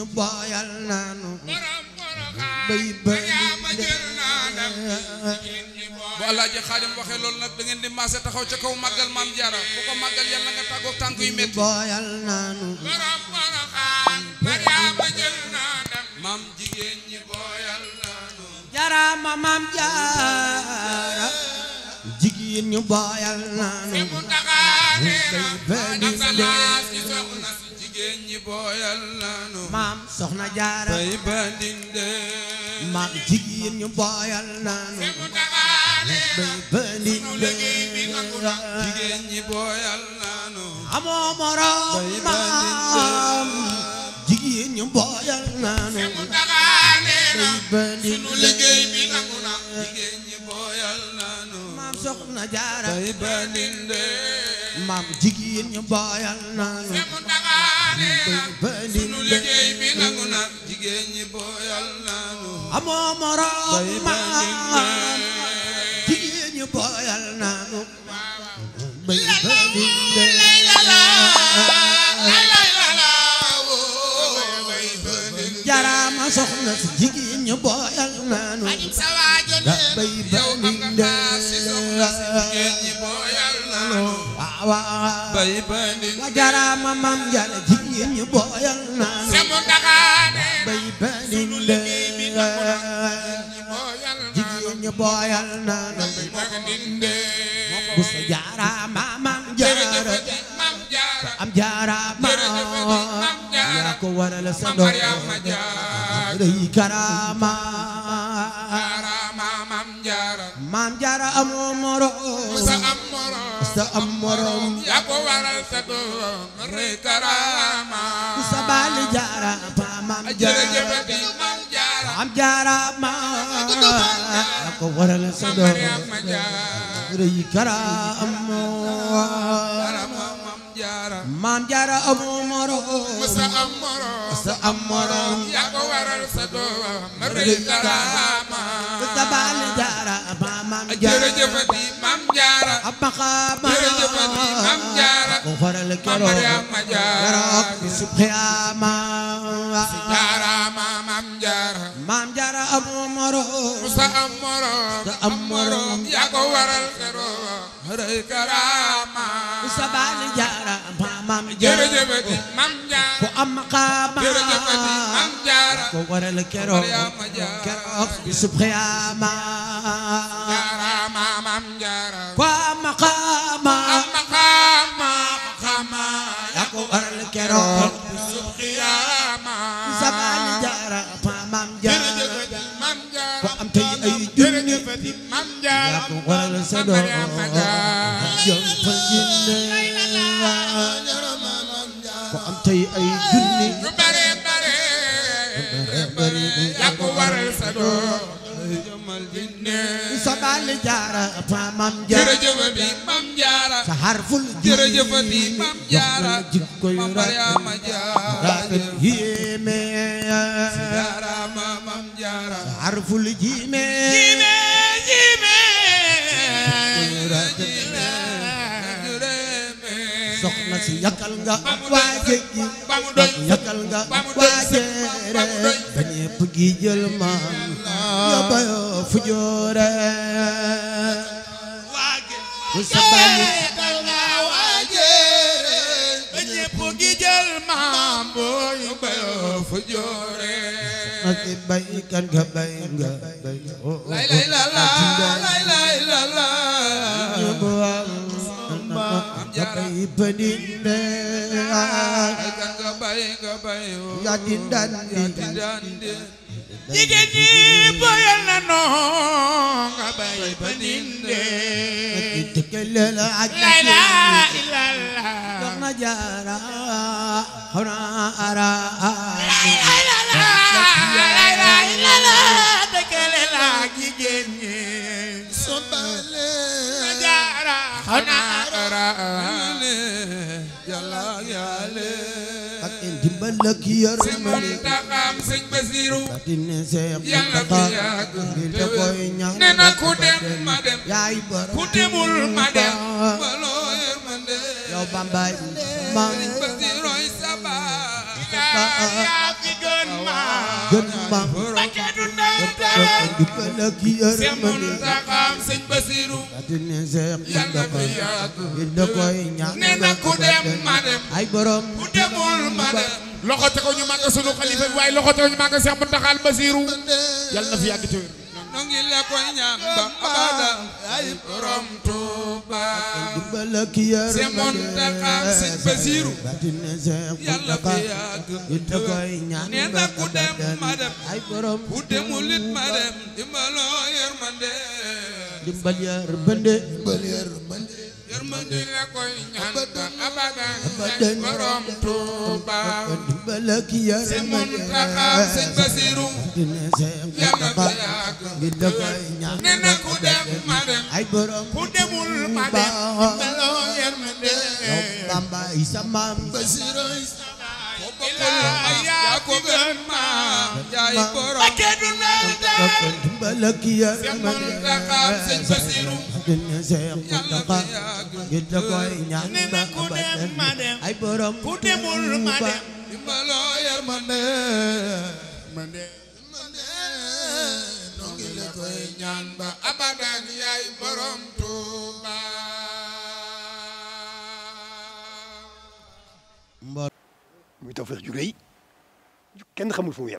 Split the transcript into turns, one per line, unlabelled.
ñu booyal naanu bay bay bu alaaji xaadim waxee loolu nag da ngeen di maase taxaw ca kaw màggal maam jaara bu ko màggal yàlla nga tàggoog tànk yu métti booyal naanu maam jigéen ñi booyal naanu jaara ma maam jaara jigéen ñu booyal naanu maanaam sa laas ci soxna si jigéen ñi booyal nanu maam soxna jaara bay ba dinde maam jigéen ñu booyal nanu bay ba dinde jigéen ñi booyal nanu amoo morom maam jigéen ñu booyal nanu bay ba dinde liggéey bi nangu na jigéen ñi booyal nanu maam soxna jaara bay ba dinde maam jigéen ñi booyal nañu sunu liggéey bi nangu na jigéen ñi booyal nañu amoo moroom maam jigéen ñi booyal nañu bay bëndin de jaraama soxna si jigéen ñi booyal waa bay bani wajara mamam booyal naa se mu ndaxaane bay bani booyal naa na bay bani de bu sa jara mamam jara am jara mam yaa ko waral sa doom rëy karama mam jara mam musta am morom yaa ko waral sa doom rëy karaama ku sa baali jaara ba maam jaara maam jaara ma yaa ko waral sa doom rëy karaama maam jaara am morom musta am morom musta am morom yaa ko waral sa doom rëy karaama ku sa baali jaara ba maam jaara maqaama mu faral keroog keroog bisub xiyaama maam jaara am moroom musa am moroom te am moroom yaa ko waral keroog rëy karaama musa baali jaara maam jaara ku am maqaama ko waral keroog keroog bisub xiyaama root samaani jaara paa maam jaara ko am tey ay junni yaa ko waral sa doom jom fa jinne ko am tey ay junni yaa ko waral sa doom jom fa jinne samaani jaara paa maam jaara harful jërëjëfati mam jaara ma Mariama
jaara
yéeme jaara ma mam jaara harful jime jime jime soxna si yakal nga waaje gi yakal nga waaje re ba ñepp gi jël ma yaba fujoore waage joore masi baykat nga bay nga bay lay lay la la lay lay la la bay baninde baykat nga bay nga bay yaa di dandi jigéen ñi boyal na noo nga bay baninde ليلة العجل لغنا جارا هنا أرى ëllëg yërmande taxam sëñ Basiru batine ku dem ma dem yaay borom ku dem baloo yërmande yaa fi gën ku dem ma dem loxo te ko ñu màgg sunu xalifa waaye loxo te ko ñu màgg Seex Muntaxa Basiru yàlla na fi yàgg ci wér nu ngi la ñaan ba abada ay borom Tuuba lëkk yàlla sëñ Muntaxa sëñ Basiru ne na ku dem ma dem ku demul ma dem meloo yërmande Bamba isa maam Basiru yaa ko gën ma jaay borom ak du nal daal lëkk yàlla sëñ Muntaxa sëñ Basiru ne na ku dem ma dem ku demul ma dem baloo yërmande mande mande noo la koy ñaan ba abadan yaay borom Tuuba muy Tawfekh ju kenn xamul fu mu